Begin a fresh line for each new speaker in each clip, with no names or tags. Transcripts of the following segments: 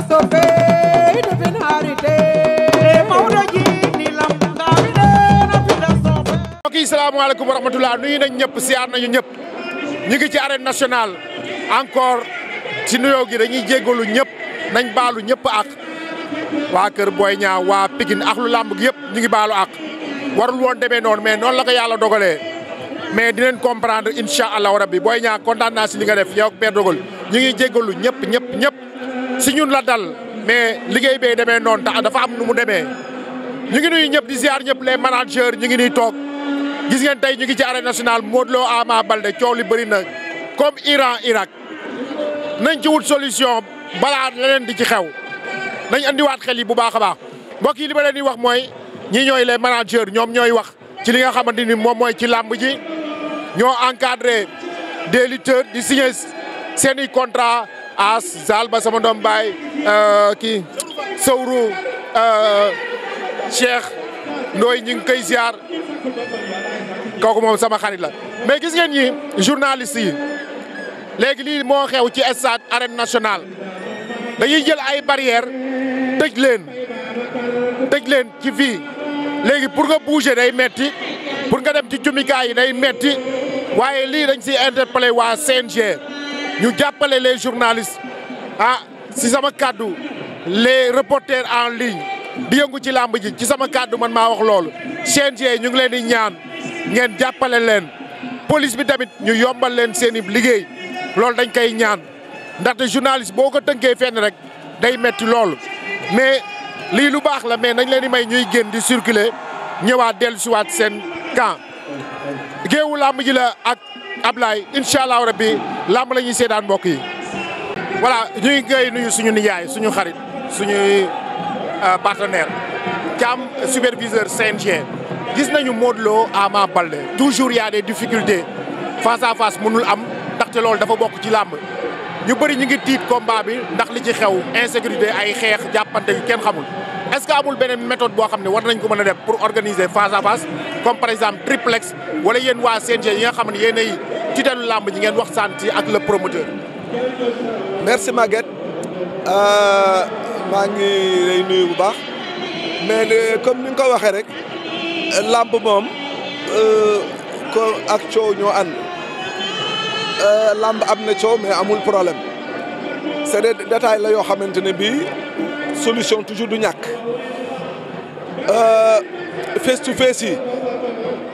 mbokk
yi salaamaaleykum wa rahmatulah nuyu nañ ñëpp siyaar nañu ñëpp ñu ngi ci arène nationale encore ci nuyoo gi dañuy jéggalu ñëpp nañ baalu ñëpp ak waa Kër Boy ñaa waa Pikine ak lu làmb gi yëpp ñu ngi baalu ak warul woon demee noonu mais noonu la ko yàlla dogalee mais dinañ comprendre incha allahu rabbi booy Niang kontaan naa si li nga def yow ak ñu ngi jéggalu ñëpp ñëpp ñëpp. si ñun la dal mais liggéey bee demee noonu tax dafa am nu mu demee. ñu ngi nuyu ñëpp di ziar ñëpp les managers ñu ngi nuy toog gis ngeen tey ñu ngi ci arène nationale Modou Lo Ama Baldé coow li bëri na comme Iran Irak nañ ci wut solution balaa leneen di ci xew nañ waat xel yi bu baax a baax mbokk kii li ma di wax mooy ñi ñooy les managers ñoom ñooy wax ci li nga xamante ni moom mooy ci làmb ji ñoo encadré des lutteurs di signer seen i contrat as zal ba sama doom baay euh, kii sawru euh, Cheikh ndooy ñu ngi koy ziar kooku moom sama xarit la mais gis ngeen ñi journaliste yi léegi lii moo xew ci stade arène nationale dañuy jël ay barrière tëj leen tëj leen ci fii léegi pour nga bouger day metti pour nga dem ci cumikaay yi day metti waaye lii dañ si interpellé waa CNG ñu jàppale les journalistes ah si sama kàddu les reporters en ligne di yëngu ci làmb ji ci sama kàddu man maa wax loolu CNG ñu ngi leen di ñaan ngeen jàppale leen police bi tamit ñu yombal leen seen i liggéey loolu dañ koy ñaan ndaxte journaliste boo ko tënkee fenn rek day metti loolu mais lii lu baax la mais nañ leen di may ñuy génn di circuler ñëwaat dellu siwaat seen camp géewu làmb ji la ak Ablaye incha allah rabbi làmb la ñuy seedaan mbokk yi. voilà ñu ngi koy nuyu suñu nijaay suñu xarit suñuy euh, partenaire Thiam superviseur CNG gis nañu Modou Lo Ama Baldé toujours y a des difficultés face munul am ndaxte loolu dafa bokk ci làmb. ñu bëri ñu ngi tiit combat bi ndax li ci xew insécurité ay xeex jàppante yu kenn xamul est-ce que amul beneen méthode boo xam ne war nañ ko mën a def pour organiser face à face comme par exemple triplex wala yéen waa CNG yi nga xam ne yéen ay titalu làmb ñi ngeen waxtaan
ci ak le promoteur. merci Maguette euh, maa ngi lay bu baax mais comme ni nga ko waxee rek làmb moom euh, ko ak coow ñoo Euh, lamb am na coow mais amul problème c'est des la yoo xamante ne bii solution toujours du ñàkk euh, face to face yi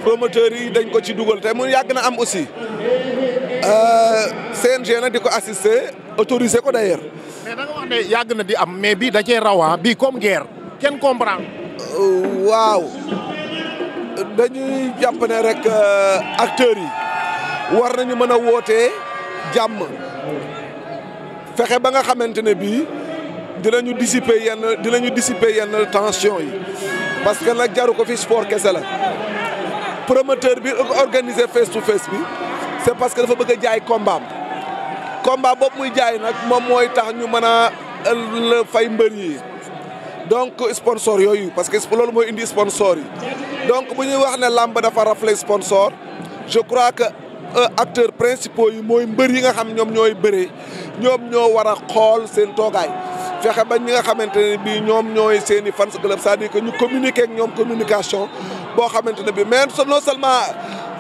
promoteurs yi dañ ko ci dugal te mu yàgg na am aussi euh, CNG nag di ko assister autorisé ko d'ailleurs. mais da yàgg na di am mais bi da cee rawa ah, bii comme guerre kenn comprendre. waaw dañuy jàpp ne rek acteurs yi. war nañu mën a wootee jàmm fexe ba nga xamante ne bii ñu dinañu dissiper yenn dinañu dissiper yenn tension yi parce que nag jaru ko fi sport kese la promoteur bi organiser face to face bi c'est parce que dafa bëgg a jaay combat combat boobu muy jaay nag moom mooy tax ñu mën a fay mbër yi donc sponsor yooyu parce que loolu mooy indi sponsor yi donc bu ñuy wax ne làmb dafa rafle sponsor je crois que Euh, acteur principaux yi mooy mbër yi nga xam ñoom ñooy bëree ñoom ñoo war a xool seen toogaay fexe ba ñi nga xamante ne bii ñoom ñooy seeni i fans club c'est-à-dire que ñu communiquer ak ñoom communication boo xamante ne bii mais non seulement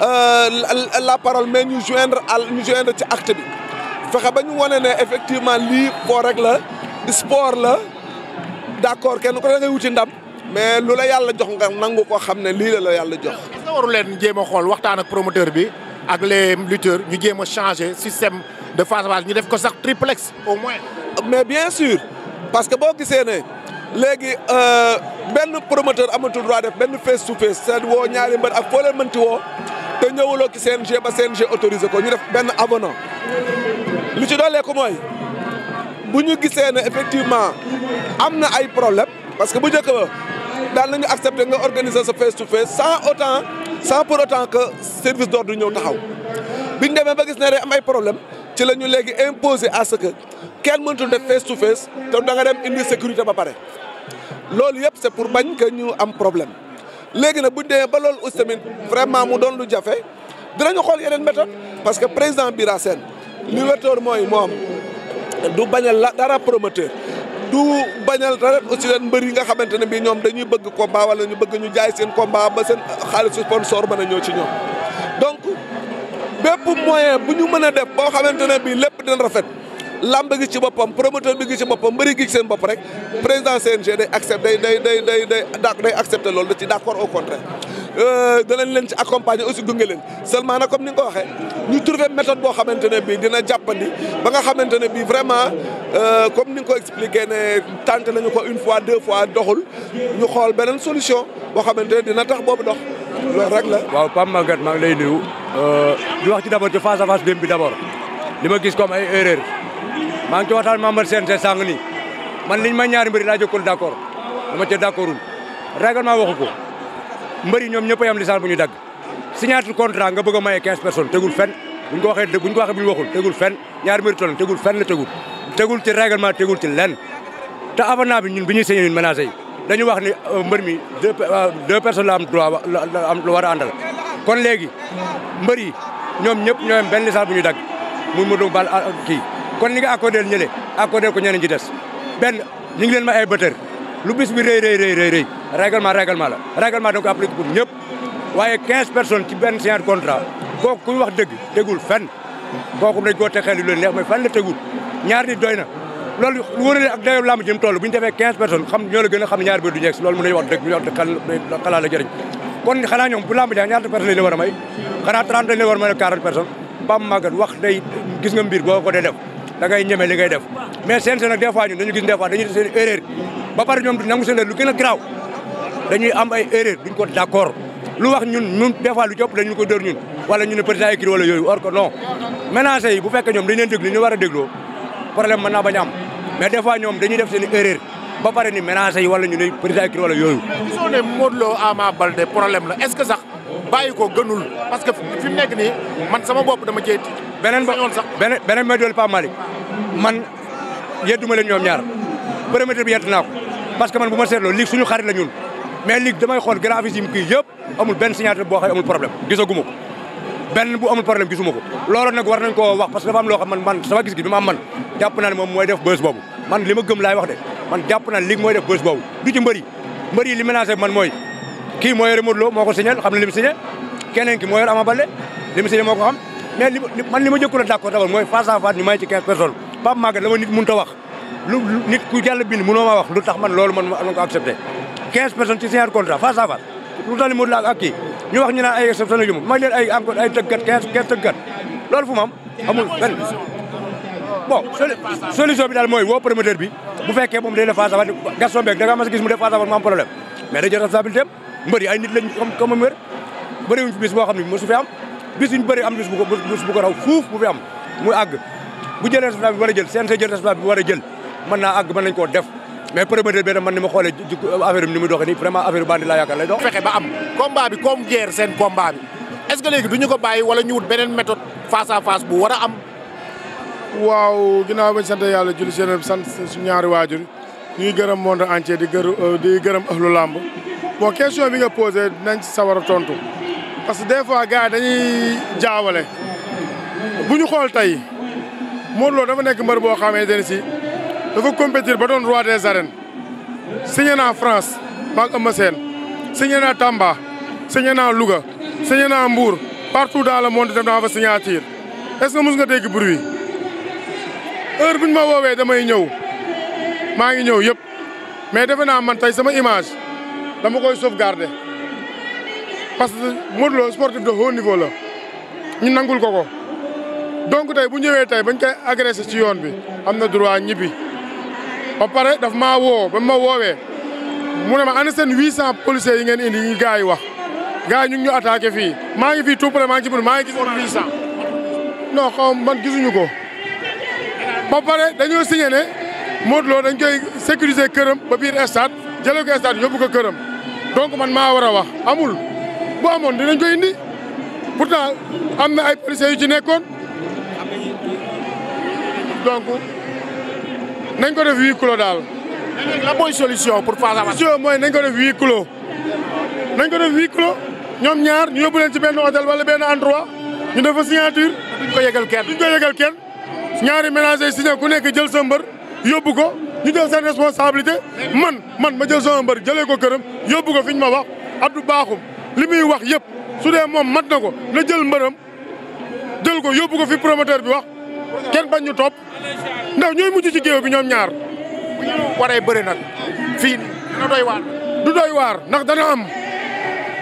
euh, la parole mais ñu joindre al ñu joindre ci acte bi fexe ba ñu wane ne effectivement lii foo rek la sport la d'accord kenn ko da ngay wuti ndam mais lu yàlla jox nga nangu ko xam ne lii la la yàlla jox. est-ce que waru leen jéem a xool waxtaan ak promoteur bi. ak les lutteurs ñu jéem a changer système de face à ñu def ko sax triplex au moins. mais bien sûr parce que boo gisee ne léegi euh, benn promoteur amatul droit def benn face to face seen woo ñaari mbër ak foo leen mënti woo te ñëwuloo ci CNG ba CNG autorisé ko ñu def benn avenant lu ci doolee ko bu ñu gisee ne effectivement am na ay problème parce que bu njëkk ba. daal nañu accepté nga organiser sa face to face sans autant sans pour autant que service du ñëw taxaw biñ demee ba gis ne am ay problème ci la ñu léegi imposer à que kenn mëntu def face to face te da nga dem indi sécurité ba pare loolu yëpp c'est pour bañ que ñu am problème léegi nag buñ demee ba loolu aussi tamit vraiment mu doon du jafe dinañu xool yeneen méthode parce que président Bira Sène li wétoor mooy moom du bañ la dara promoteur du bañal dara aussi leen mbër yi nga xamante ne bii ñoom dañuy bëgg combat wala ñu bëgg ñu jaay seen combat ba seen xaalisu sponsor mën a ñëw ci ñoom donc bépp moyen bu ñu mën a def boo xamante ne bii lépp dina rafet lamb gi ci boppam promoteur bi gi ci boppam mbëri gi ci seen bopp rek président CNG day accepté day day day day day accepté loolu da ci d'accord au contraire Euh, danañ leen ci accompagner aussi gunge leen seulement nag comme ni ko waxee ñu trouver méthode boo xamante ne bii dina jàppandi ba nga xamante ne bii vraiment euh, comme ni nga ko expliqué ne tenté nañu ko une fois deux fois doxul ñu xool beneen solution boo xamante ne dina tax boobu dox loolu rek la.
waaw Pape Maguette maa ngi lay nuyu. Euh, di wax ci d' abord ci face à face démb bi d' abord li ma gis comme ay erreur maa ngi ci waxtaan membre CNG sàng nii man liñ ma ñaari mbir laa jokkul d' accord dama ca d' accordul règlement ko. mbër yi ñoom ñëpp ay am licence bu ñu dagg signature contrat nga bëgg a maye 15 personnes tegul fenn buñ ko waxee buñ ko waxee bu ñu waxul tegul fenn ñaari mbër toll tegul fenn la tegul tegul ci règlement tegul ci lenn te avenant bi ñun bi ñu signé ñun ménage yi dañu wax ni euh, mbër mi euh, deux personnes la am droit am lu war a àndal kon léegi mbër yi ñoom ñëpp ñoo am benn licence bu ñu dagg muy mu dugg bal kii kon li nga accordé ñële accordé ko ñeneen ci des benn ñu ngi leen may ay bëtër lu bis bi rëy rëy rëy rëy règlement règlement la règlement da nga ko appliqué pour ñëpp waaye 15 personnes ci benn signé contrat kooku ku ñu wax dëgg tegul fenn kooku dañ koo texeel yu leen neex mais fenn la tegul ñaar nit doy na loolu wërale ak dayoo làmb jëm toll bu ñu defee 15 personnes xam ñoo la gën a xam ne ñaar bi du ñeeg si loolu mën nañu wax dëgg ñu wax dëgg xalaat la jëriñ kon xanaa ñoom bu làmb ja ñaata personnes lañ la war a may xanaa 30 lañ la war a may 40 personnes bam màggat wax day gis nga mbir boo ko dee def da ngay ñeme li ngay def mais seen seen nag des fois ñun dañu gis des fois dañuy seen erreur ba pare ñoom du nangu seen lu gën a garaaw dañuy am ay erreur duñ ko d'accord lu wax ñun ñun des fois lu jop dañu ko dóor ñun wala ñu ne président écrit wala yooyu or que non ménager yi bu fekkee ñoom dañ leen déglu ñu war a dégloo problème mën naa bañ am mais des fois ñoom dañuy def seen erreur ba pare ni ménager yi wala ñu ne président écrit wala yooyu gisoo ne Modou Lo Ama Baldé problème la est-ce que sax bàyyi ko gënul parce que fi mu nekk nii man sama bopp dama cee beneen sax beneen beneen ma dool Pa Malick man yedduma leen ñoom ñaar premier bi yett naa ko parce que man bu ma seetloo ligue suñu xarit la ñun mais ligue damay xool gravisime kii yëpp amul benn signature boo xam amul problème gisaguma ko benn bu amul problème gisuma ko loolu nag war nañ koo wax parce que dafa am loo xam man man gis-gis bi ma am man jàpp naa moom mooy def bës boobu man li gëm laay wax de man jàpp naa ne ligue mooy def bës boobu du ci mbëri mbëri li ménagé man mooy kii mooy yore Modou Lo moo ko signé xam ne li lu nit ku jàll bind mënoo ma wax lu tax man loolu man ma ko accepté 15 personnes ci signature contrat face à lu tax ni Modou Lo ak kii ñu wax ñu naan ay exception la ñu ma leen ay encore loolu fu mu am amul benn bon solution bi daal mooy woo promoteur bi bu fekkee moom day def face à Gaston Mbengue da nga gis mu def face à mu am problème mais day jël responsabilité am mbëri ay nit lañ comme comme wér bis boo xam ne mosu fi am bis ñu bëri am bis bu ko bu ko raw a war a jël mën naa àgg man nañ koo def mais promoteur bi man ni ma xoolee affaire bi ni muy doxee nii vraiment affaire bandi laa yaakaar lay fexe ba am
combat bi comme guerre seen combat bi est-ce que léegi du ñu ko bàyyi wala ñu wut beneen méthode face à face bu war a am. waaw ginnaaw bañ sant yàlla juli seen bi sant suñu ñaari waajur ñuy gërëm monde entier di gërëm euh, di gërëm ahlu làmb bon question bi nga pose dinañ sawar a tontu parce que des fois gars yi dañuy bu ñu xool tey moo Lo dafa nekk mbër boo xamee ne si. dafa compétir ba doon roi des arènes signé naa France maag Eumeu Sène signé naa Tamba signé naa Louga signé naa Mbour partout dans le monde def naa fa signature est-ce que mos nga dégg bruit heure bu ñu ma woowee damay ñëw maa ngi ñëw yëpp mais defe naa man tey sama image dama koy sauvegarder parce que Modou Lo sportif de haut niveau la ñu nangul ko ko donc tey bu ñëwee tey bañ koy agressé ci yoon bi am na droit ñibbi. ba pare daf maa woo ba ma woowee mu ne ma ana seen 800 policiers yi ngeen indi yi gars yi wax gars yi ñu ngi ñu attaqué fii maa ngi fii tout près maa ngi ci biir maa ngi gis 800. non xaw man gisuñu ko ba pare dañoo signé ne Modou Lo dañ koy sécuriser këram ba biir stade jëlee ko stade yóbbu ko këram donc man maa war a wax amul bu amoon dinañ ko indi pourtant am na ay policiers yu ci nekkoon donc. nañ ko def huis clos daal. la mooy solution pour Fass Abass. solution mooy nañ ko def huis clos. nañ ko def huis clos ñoom ñaar ñu yóbbu leen ci benn hôtel wala benn endroit ñu def fa signature. duñ ko yëgal kenn duñ ko yëgal kenn ñaari ménages signé ku nekk jël sa mbër yóbbu ko ñu jël seen responsabilité man man ma jël sama mbër jëlee ko këram yóbbu ko fiñ ma wax Abdou Bakhoum li muy wax yëpp su dee moom mat na ko na jël mbëram jël ko yóbbu ko fi promoteur bi wax kenn bañ ñu topp. ndaw ñooy mujj ci géew bi ñoom ñaar bu ñu waree bëri nag fii dina doy waar. du doy waar ndax dana am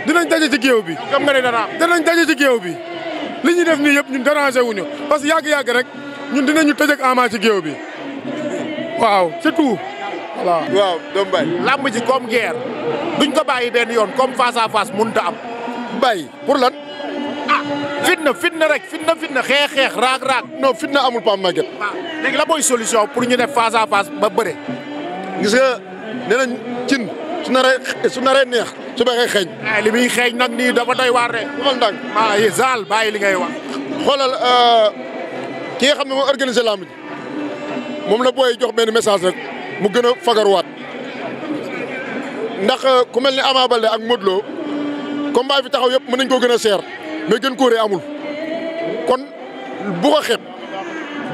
dinañ daje ci géew bi. gëm nga ne dana danañ daje ci géew bi li ñuy def nii yëpp ñun dérangé wuñu parce que yàgg-yàgg rek ñun dinañu tëj ak Ama ci géew bi waaw c'est tout. voilà waaw doomu Baye. làmb ji comme guerre duñ ko bàyyi benn yoon comme face à face mënut a am. Baye fitna fitna rek fitna fitna xeex xeex raag raag. non fitna amul Pape Maguette. léegi la mooy solution pour ñu def face à face ba bëre. gis nga nee cin su naree neex su baxee xeeñ. Eh, li muy xeeñ nag nii dafa doy waar de. waxal ndànk ah yi zaal bàyyi li ngay wax. xoolal euh, ki nga xam ne moo organisé lamb ji moom la booy jox benn message rek mu gën a fagaruwaat ndax euh, ku mel ni Ama Baldé ak Modou Lo combat fi taxaw yëpp mën nañ koo gën a seer. mais gën koo rëy amul kon bu ko xeeb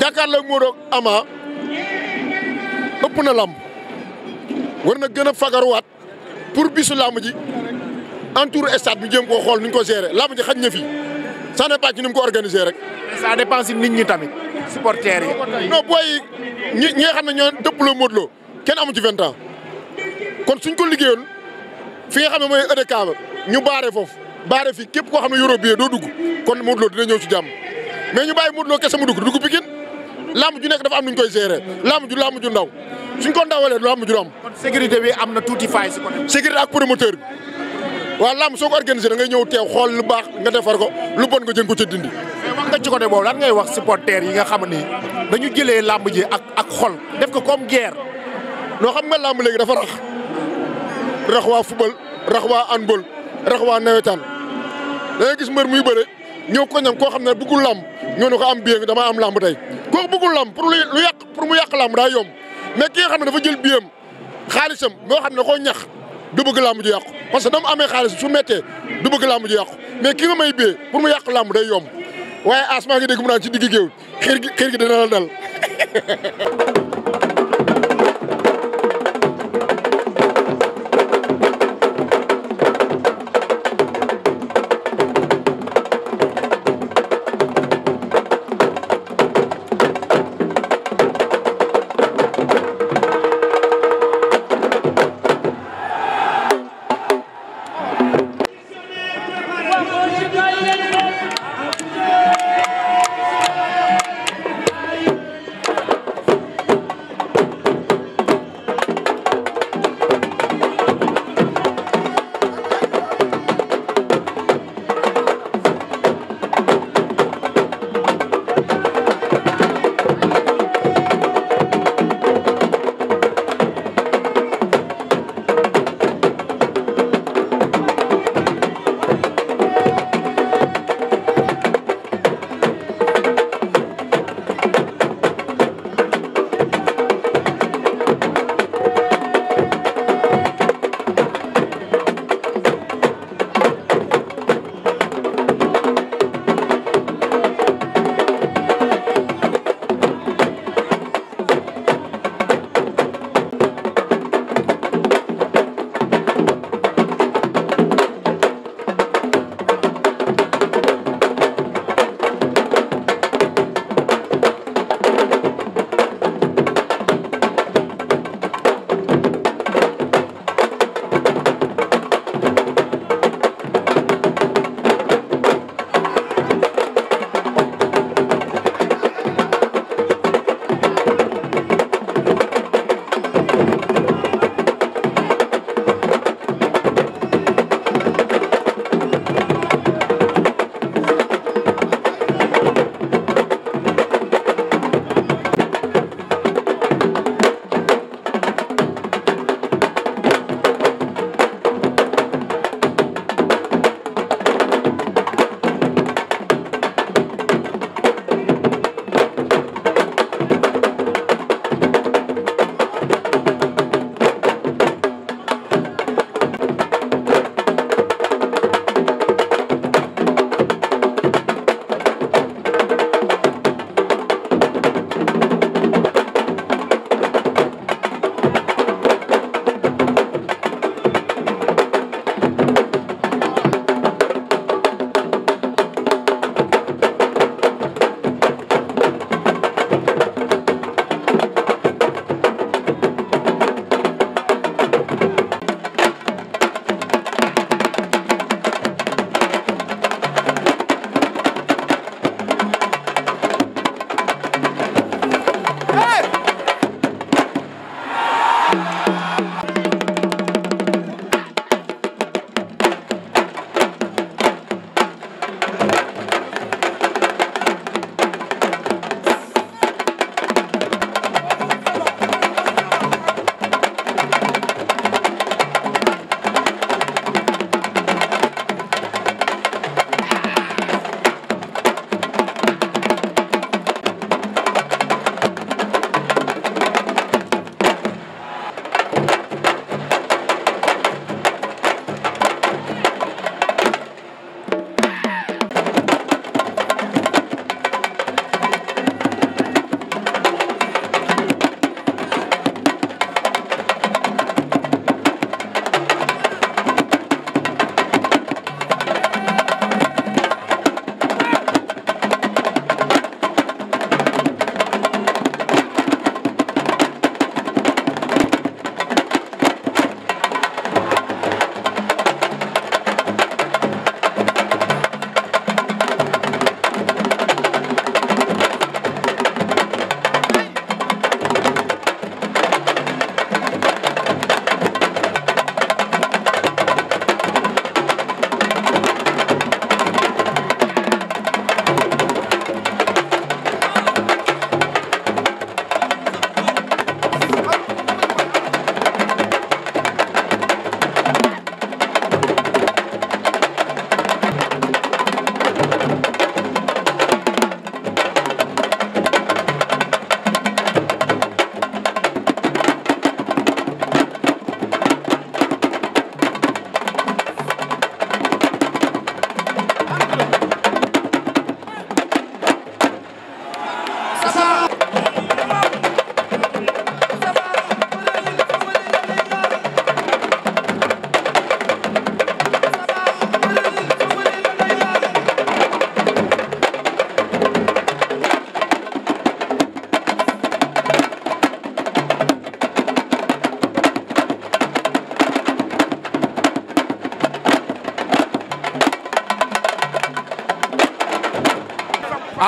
jàkkaarloo Modou ak Ama ëpp na làmb war na gën a fagaruwaat pour bisu làmb ji entour stade mu jéem koo xool ni ko gérer làmb ji xaj na fi ça n'est pas ci ni rek. ça dépend si nit ñi tamit. supporters yi. non booy ñi ñi xam ne ñoo dëpp la Modou kenn amu ci vingt ans kon suñ ko liggéeyoon fi nga xam na mooy ëdëkaaba ñu baaree foofu. baare fi képp koo xam ne yoroo billet doo dugg kon Modou Lo dina ñëw ci jàmm mais ñu bàyyi Modou Lo kese mu dugg dugg Pikine lamb ju nekk dafa am nuñ koy gérer lamb ju lamb ju ndaw suñ ko ndawalee lamb ju am. kon sécurité bi am na tuuti faay si côté. sécurité ak promoteur soo ko organisé da ngay ñëw teew xool lu baax nga defar ko lu bon nga jën ko ca dindi. mais wax nga ci côté boobu lan ngay wax supporters yi nga xam dañu jëlee làmb ji ak ak xol def ko kom guerre. noo xam nga lamb léegi dafa rax rax waa football rax waa handball rax waa nawetaan da gis mbër muy bëre ñëw ko ñam koo xam ne bëggul làmb ñoo ne ko am biyeem damaa am làmb tey kooku bëggul làmb pour lu yàq pour mu yàq làmb daa yomb mais ki nga xam ne dafa jël biyeem xaalisam boo xam ne koo ñax du bëgg làmb ji yàqu parce que dama amee xaalis su méttee du bëgg làmb ji yàqu mais ki nga may biyee pour mu yàq làmb day yomb waaye asmaa ngi dégg mu naan ci digg géew xër gi xër gi dana la dal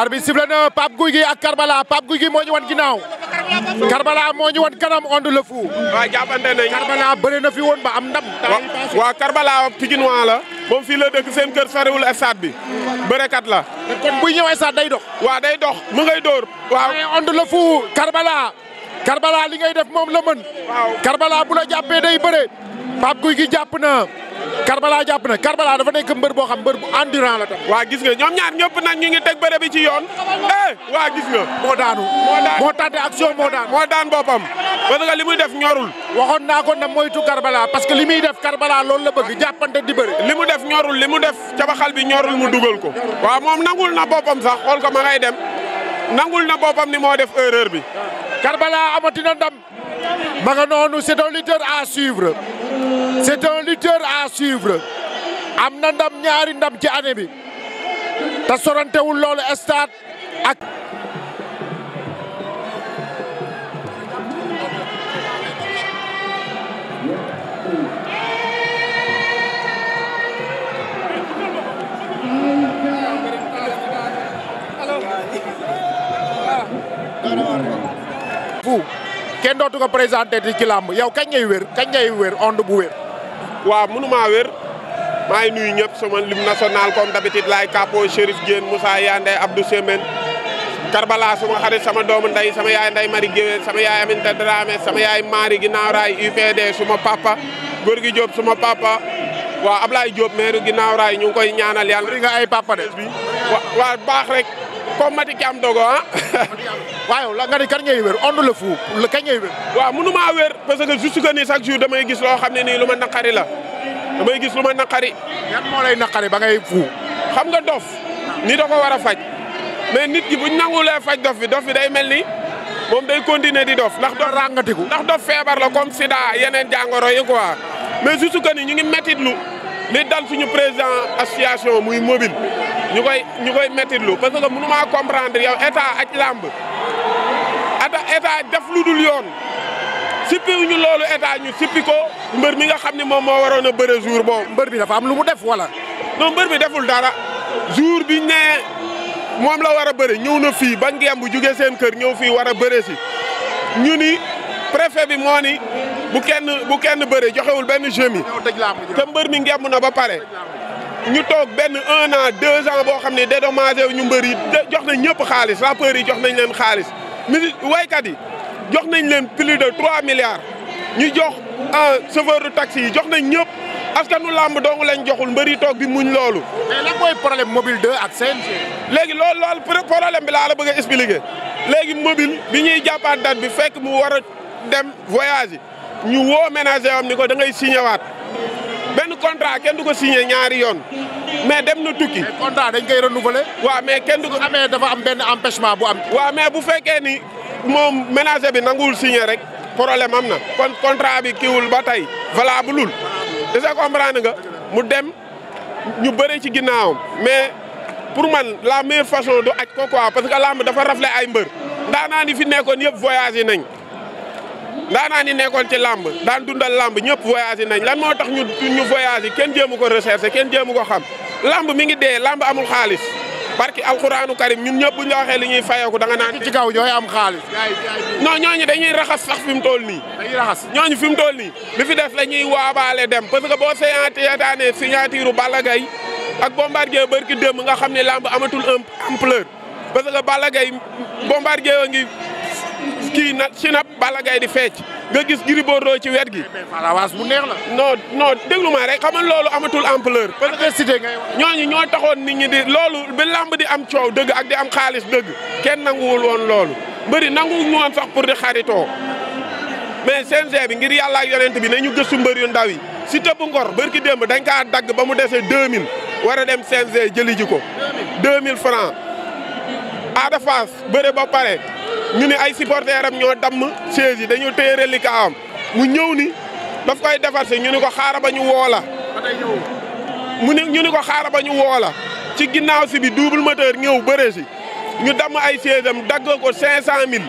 arbitre sifflé na Pape Gouye Gui ak Karbala Pape Gouye Gui moo ñu wan ginnaaw Karbala moo ñu wan kanam Onde le Fou. waaw jàppante nañu
Karbala bëri na fi woon ba am ndam. waaw Karbala Pikinois la. moom fii la dëkk seen kër soriwul stade bi bërekat la. kon buy ñëw stade day dox. waaw day dox mu dóor.
waaw Onde le Fou Karbala. li ngay def moom la mën. waaw Karbala bu la jàppee day bëre Pape Gouye Gui jàpp na. Karbala jàpp na Karbala nekk mbër boo xam mbër bu endurant la tam. waa gis nga ñoom ñaar ñëpp nag ñu ngi teg bëre bi ci yoon. Eh, waa gis nga. moo
daanu moo daan moo tànte action moo daan. moo daan boppam. parce que li muy def ñorul. waxoon naa ko na moytu Karbala parce que li muy def Karbala loolu la bëgg jàppante di bëri. mu def ñorul li mu def cabaxal bi ñorul mu dugal ko. waaw moom nangul na boppam sax xool ko ma ngay dem nangul na boppam
ni moo def erreur bi. Karbala amatina ndam. ma nga noonu c'est un lutteur à suivre. c'est un lutteur à suivre am na ndam ñaari ndam ci année bi te sorantewul loolu stade ak. fu kenn dootu ko présenté ci làmb yow kañ ngay wér
kañ ngay wér onde bu wér. waaw mënumaa wér maa ngi ñëpp sama lim national comme d'habitude laay Kapo Chérif Diène Moussa Yande Abdou Sembène Karbala suma xarit sama doomu ndey sama yaay nday Mari Géwél sama yaay Aminta Dramé sama yaay Mari Ginnaaw Raay UPD suma papa Gorgui Diop suma papa waaw Ablaye Diop maire Ginnaaw Raay ñu koy ñaanal yàlla. nga baax rek. comme Mati Thiam Dogo ah. waaw la nga ni kan ngay wér ond la fuu la kañ wér. waaw mënu maa wér parce que juste que ni chaque damay gis loo xam ne nii lu ma naqari la damay gis lu ma naqari. yan moo lay naqari ba ngay fu. xam nga dof ni da ko war a faj mais nit ki buñ nangulee faj dof bi dof bi day mel ni moom day continuer di dof. ndax dof ràngatiku ndax dof feebar la comme sida yeneen jàngoro yi quoi mais juste que ñu ngi métti lu. li dal suñu président association muy mobile ñu koy ñu koy mettitlu parce que mënu maa comprendre yow état ak làmb ata état def lu dul yoon sippiwu ñu loolu état ñu sippi ko mbër mi nga xam ni moom moo waroon a bëre jour boobu. mbër mi dafa am lu mu def wala. non mbër mi deful dara jour bi nee moom la war a bëre ñëw na fii ba ngeem bu jugee seen kër ñëw fii war a bëre si ñu ni préfet bi moo bu kenn bu kenn bëree joxewul benn jemi te mbër mi ngemb na ba pare ñu toog benn un an deux boo xam ne dédommagé wu ñu mbër yi jox nañ ñëpp xaalis rappeurs yi jox nañ leen xaalis musique waykat yi jox nañ leen plus de trois milliards ñu jox ah, chauffeur de taxi yi jox nañ ñëpp askanu làmb dong lañ joxul mbëri toog bi muñ loolu. mais lan mooy problème mobile 2 ak léegi loolu loolu problème bi laa la bëgg a expliquer léegi mobile bi ñuy jàppaat date bi fekk mu war a dem voyage ñu woo ménager am ni ko da ngay waat benn contrat kenn du ko signé ñaari yoon mais dem na tukki. mais contrat dañ ko renouveler. waa mais kenn du ko amee dafa am benn empêchement bu am. waa mais bu fekkee ni moom ménager bi nanguwul signé rek problème am na kon contrat bi kiwul ba tey valable lul déjà comprendre nga mu dem ñu bëre ci ginnaawam mais pour man la meilleure fason du aj ko quoi parce que lamb dafa rafle ay mbër ndaanaa ni fi nekkoon yëpp voyagé nañ. ndaanaan yi nekkoon ci làmb daan dundal làmb ñëpp voyagé nañ lan moo tax ñu ñu voyagé kenn jéemu ko recherché kenn jéemu ko xam làmb mi ngi dee làmb amul xaalis parce que alxuraanu karim ñun ñëpp bu li ñuy fayeeku da nga naan ci kaw ñooy am xaalis non ñooñu dañuy raxas sax fi mu toll nii dañuy raxas ñooñu fi mu toll nii li fi def la ñuy waabaale dem parce que boo seetaanee signature Balla Gaye ak Bombardier bërki démb nga xam ne làmb amatul ampleur parce que Balla Gaye Bombardier a ngi kii na sinap Balla di fecc nga gis Gris Bordeaux ci wet gi. Eh, waaw bu neex la. non non déglu ma rek xam nga loolu amatul ampleur. parce que cité ngay wax ñooñu ñoo taxoon nit ñi di loolu ba lamb di am coow dëgg ak di am xaalis dëgg kenn nanguwul woon loolu mbëri nanguwul ñu woon sax pour di xaritoo mais CNG bi ngir yàlla ak yonent bi nañu gëstu mbër yu ndaw yi si tëbu ngor bërki démb dañ kaa dagg ba mu dese 2000 war a dem CNG jëli ji ko. 2000 francs Ada Fass bëre ba pare. ñu ne ay supporters am ñoo damm chaise yi dañoo téye reliquat am mu ñëw ni daf koy defar si ñu ni ko xaara ba ñu woola mu ne ñu ni ko xaara ba ñu woola ci ginnaaw si bi double moteur ñëw bëre si ñu damm ay chaise am dagg ko cinq cent mille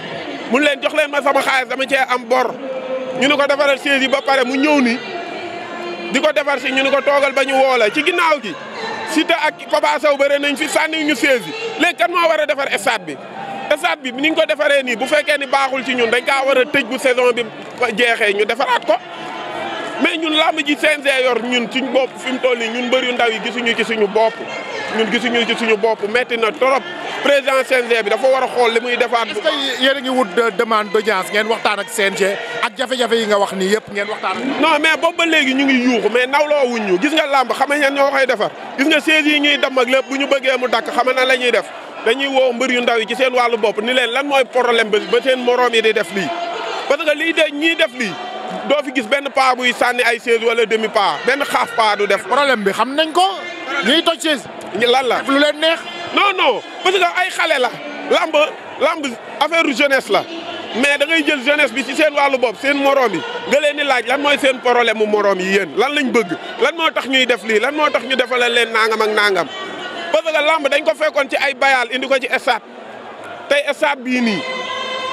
mu leen jox leen ma sama xaalis dama cee am bor ñu ni ko defaral chaise yi ba pare mu ñëw ni di ko defar si ñu ni ko toogal ba ñu woola ci ginnaaw gi Siteu ak Papa Sow bëre nañ fi sànni ñu chaise yi kan moo war a defar stade bi stade bi ni ñu ko defaree nii bu fekkee ni baaxul ci ñun dañ kaa war a tëj bu saison bi jeexee ñu defaraat ko mais ñun làmb ji CNG yor ñun suñ bopp fi mu toll nii ñun mbër yu ndaw yi gisuñu ci suñu bopp ñun gisuñu suñu bopp metti na trop président CNG bi dafa war a xool li muy defaat. est-ce
que yéen a ngi wut euh, demande d'audience ngeen waxtaan ak CNG ak jafe-jafe yi nga wax nii yëpp ngeen waxtaan ak. non mais boobu ba léegi ñu
ngi yuuxu mais nawloo wuñ ñu gis nga làmb xam nga ñoo koy
defar gis nga siège yi
ñuy dem ak lépp bu ñu bëggee mu dakk xam na la ñuy def dañuy woo mbër yu ndaw yi ci seen wàllu bopp ni leen lan mooy problème ba seen moroom yi di def lii. parce que lii de ñii def lii doo fi gis benn paa buy sànni ay chaise wala demi paa benn xaaf paa du def. problème bi xam nañ ko. ñiy toj chaise. lan la def lu leen neex. non non parce que ay xale la lamb lamb affaire jeunesse la. mais da ngay jël jeunesse bi ci seen wàllu bopp seen moroom yi nga leen di laaj lan mooy seen problème mu moroom yi yéen lan lañ bëgg lan moo tax ñuy def lii lan moo tax ñu defalal leen nangam ak nangam parce que lamb dañ ko fekkoon ci ay bayaal indi ko ci stade tey stade bii nii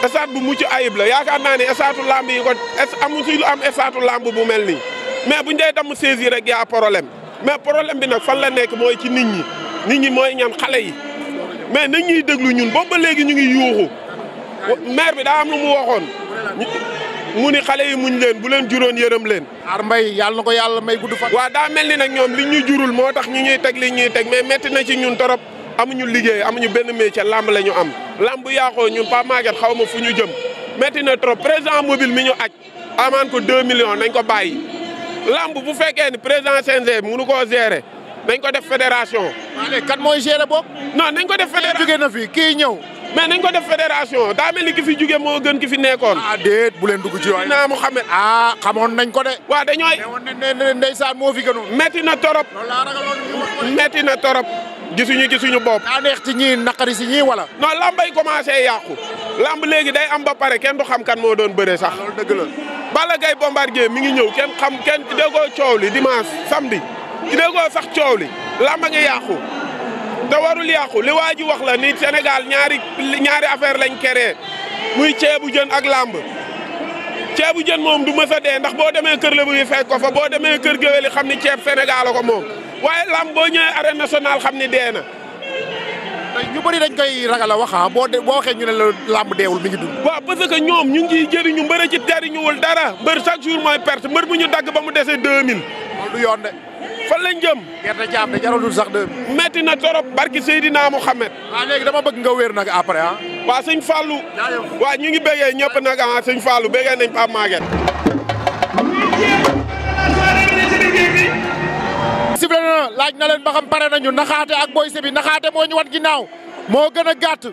stade bu mucc ayib la yaakaar naa ne stade lamb yi ko amu si lu am stade lamb bu mel ni mais buñ dee damm saisir rek yaa problème mais problème bi nag fan la nekk mooy ci nit ñi nit ñi mooy ñan xale yi mais nañ ñuy déglu ñun boobu ba léegi ñu ngi yuuxu maire bi daa am lu mu waxoon mu ni xale yi muñ leen bu leen juróon yërëm leen.
aar mbay yàlla na ko yàlla may gudd fan.
waa daa mel ni nag ñoom li ñuy jurul moo tax ñu ñu teg li ñuy teg mais métti na ci ñun torop amuñu liggéey amuñu benn métier làmb la ñu am. làmb bu yaaxoo ñun Pape Maguette xaw ma fu ñu jëm métti na trop président mobile mi ñu aj amaan ko 2 millions nañ ko bàyyi làmb bu fekkee ni président CNG mënu ko gérer nañ ko def fédération. waaw léegi kat mooy gérer boobu. non nañ ko def fédération kii na fi kii ñëw. mais nañ ko def fédération daa mel ni ki fi moo gën ki fi nekkoon. ah déet bu leen dugg ci waay naa mu xamee. ah xamoon nañ ko de. waa waaw dañooy ne ndeysaan moo fi gënoon. metti na torop metti na torop gisuñu gisuñu bopp. daa neex ci ñii naqari si ñii wala. non lambay commencé yàqu. lamb léegi day am ba pare kenn du xam kan moo doon bëree sax. loolu dëgg la. Balla Gaye bombardier mi ngi ñëw kenn xam kenn déggoo coow li dimanche samedi déggoo sax coow li lamba nga yàqu. te warul yàqu li waa ji wax la ni Sénégal ñaari ñaari affaire lañ keree muy ceebu jën ak làmb ceebu jën moom du mës a dee ndax boo demee kër Lebu yi fekk ko fa boo demee kër géwél xam ni ceeb Sénégal ko moom waaye làmb boo ñëwee arène nationale xam ni dee na. ñu bëri dañ koy ragal a wax ah, boo de boo waxee ñu ne la làmb deewul mi ngi dund. waaw parce ñoom ñu ngi ciy jëriñu mbër a ci jëriñuwul dara mbër chaque jour mooy pert mbër mu ñu dagg ba mu dese 2000. loolu yoon de. fan lañ jëm. gerte caaf de jaralul sax metti na torop barki Seydina Mouhamed. waaw léegi dama bëgg nga wéer nag après ah. waa sëñ Fallou. waa ñu ngi béggee ñëpp nag ah sëñ Fallou béggee nañ Pape Maguette.
sifle na laaj na leen ba xam pare nañu naxaate ak Boy Sébi naxaate moo ñu wat ginnaaw moo gën a gàtt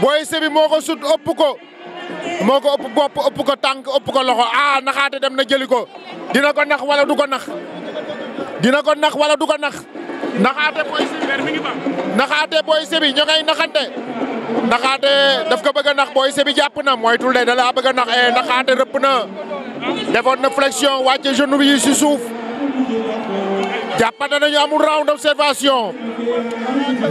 Boy Sébi moo ko sut ëpp ko. moo ko ëpp bopp ëpp ko tànk ëpp ko loxo ah naxaate dem na jëli ko dina ko nax wala du ko nax. dina ko nax wala du ko nax naxaate booy sebi naxaate booy sebi ña ngay naxante naxaate daf ko bëgg a nax booy sebi jàpp na mooy tul de da laa bëgg a nax e naxaate rëpp na defoon na flexion wàcce genou si suuf jàppante nañu amul round d'observation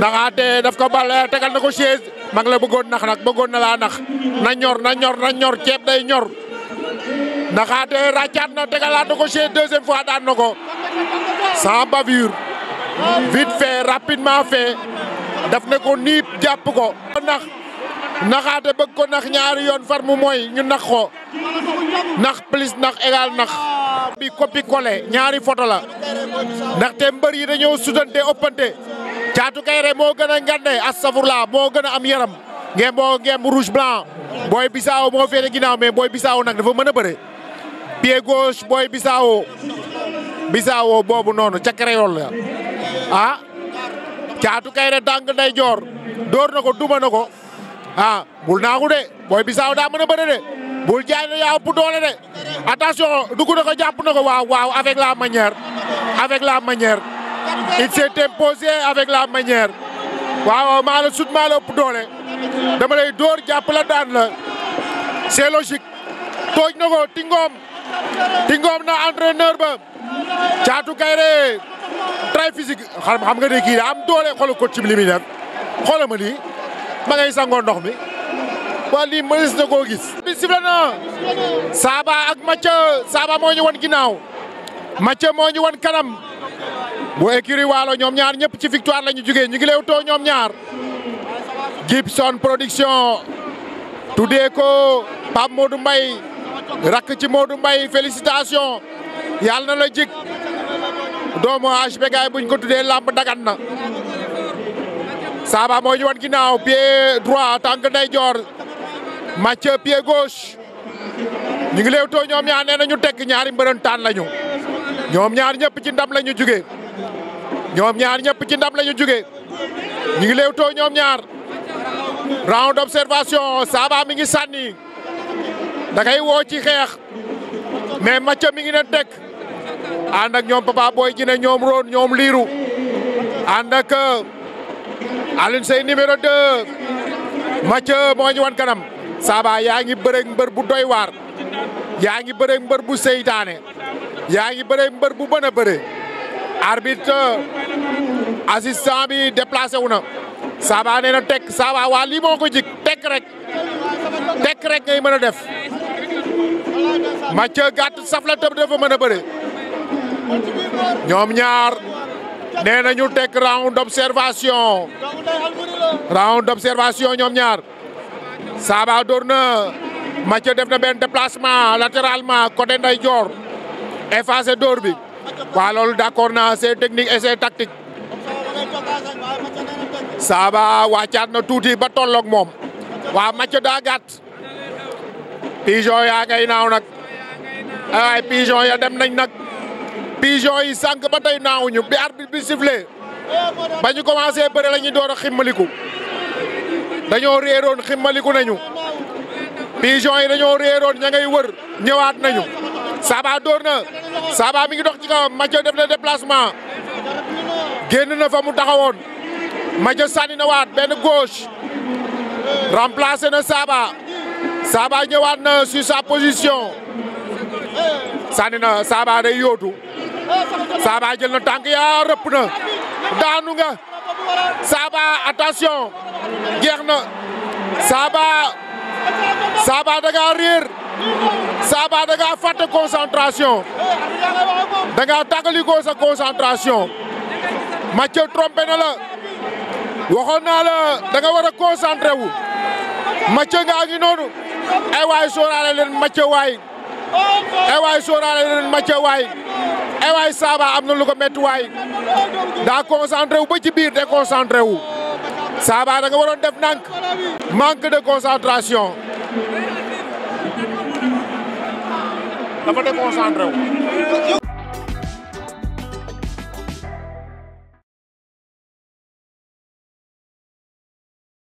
naxaate daf ko bal eh, tegal na ko chaise mag la bëggoon nax nag bëggoon na laa nax na ñor na ñor na ñor ceeb day ñor naxaate ràccaat na tegalaat na ko chaise deuxième fois daan na ko sans bavure vite fait rapidement fait daf ne ko niip jàpp ko. nax naxaate bëgg ko nax ñaari yoon far mu mooy ñu nax ko nax plus nax égal nax. bi copie kole ñaari photo la ndaxte mbër yi ñëw sutante ëppante caatu kayre moo gën a ngande astafurla moo gën a am yaram ngeen boo ngeen rouge blanc booy bisaaw moo féete ginnaaw mais booy bisaaw nag dafa mën a bëre pied gauche booy bisaaw bisaawoo boobu noonu ca créole la ah caatu kayre tànk day joor door na ko duma ko ah bul naagu de booy bisaaw daa mën a de bul jaay na yaa ëpp doole de attention dugg na ko jàpp na ko waaw waaw avec la manière avec la manière il s'est imposé avec la manière waaw maa la sut maa la ëpp doole dama lay door jàpp la daan la c'est logique tooj na ko tingoom tingoom na entraîneur ba caatu Kayré très physique xam nga ne kii daa am doole xoolal ko ci li muy def ma ni ma ngay sangoo ndox mi waa lii mënees na koo gis. bi sifle ak Macha Saba moo ñu wan ginnaaw Macha moo ñu wan kanam bu écurie Waalo ñoom ñaar ñëpp ci victoire la ñu jugee ñu ngi leew too ñoom ñaar Gibson production tuddee ko Pape Modou Mbaye rakk ci Modou Mbaye félicitation yàlla na la jik doomu HB gaay buñ ko tuddee làmb dagan na Saba moo ñu wan ginnaaw pied droit tànk ndeyjoor Mathieu pied gauche ñu ngi leew too ñoom ñaar nee na ñu tekk ñaari mbërëntaan lañu ñoom ñaar ñëpp ci ndam la ñu jugee ñoom ñaar ñëpp ci ndam la ñu jugee ñu ngi leew too ñoom ñaar round d'observation Saba mi ngi sànni da ngay woo ci xeex mais Macha mi ngi leen teg ànd ak ñoom Papa Boy Djiné ñoom Rone ñoom Liiru ànd ak euh, Alioune Seye numéro 2 Macha moo wan kanam Saba yaa ngi bëreeg mbër bu doy waar yaa ngi bëreeg mbër bu seytaane yaa ngi bëreeg mbër bu mën a bëre arbitre assistant bi déplacé wu na Saba nee na teg Saba waa lii moo ko jik teg rek teg rek ngay mën a def. Mathieu gàtt saf la tëb dafa mën a ñoom ñaar nee na ñu teg round d'observation round d'observation ñoom ñaar Saba dóor na Mathieu def na benn déplacement latéralement côté ndeyjoor effacé dóor bi waa loolu d'accord na c'est technique et c'est tactique Saba wàccaat na tuuti ba tolloog moom waa Mathieu daa gàtt pigeon yaa ngay naaw nag ay pigeon ya dem nañ nag pigeon yi sànq ba tey naawuñu bi arbitre bi sifflé ba ñu commencé bëre la ñuy door a ximmaliku dañoo réeroon ximmaliku nañu pigeon yi dañoo réeroon ña ngay wër ñëwaat nañu Saba door na Saba mi ngi dox ci kawam Mathieu def na déplacement génn na fa mu taxawoon Mathieu sànni na waat benn gauche remplacé na Saba Saba ñëwaat na sur sa position sànni na Saaba day yóotu Saaba jël na tànk yaa rëpp na daanu nga Saaba attention jeex na Saaba Saaba da ngaa réer Saaba da ngaa fàtte concentration da ngaa tàggalikoo concentration Mathieu trompé na la waxoon naa la da nga war a concentré wu Mathieu ngaa ngi noonu ay waay sóoraale leen Mathieu waay. ay e waay sóoraale leen Mathieu waay ay e waay Saba am na lu ko métti waay daa wu ba ci biir déconcentré wu Saba da nga waroon def ndànk manque de concentration dafa déconcentré wu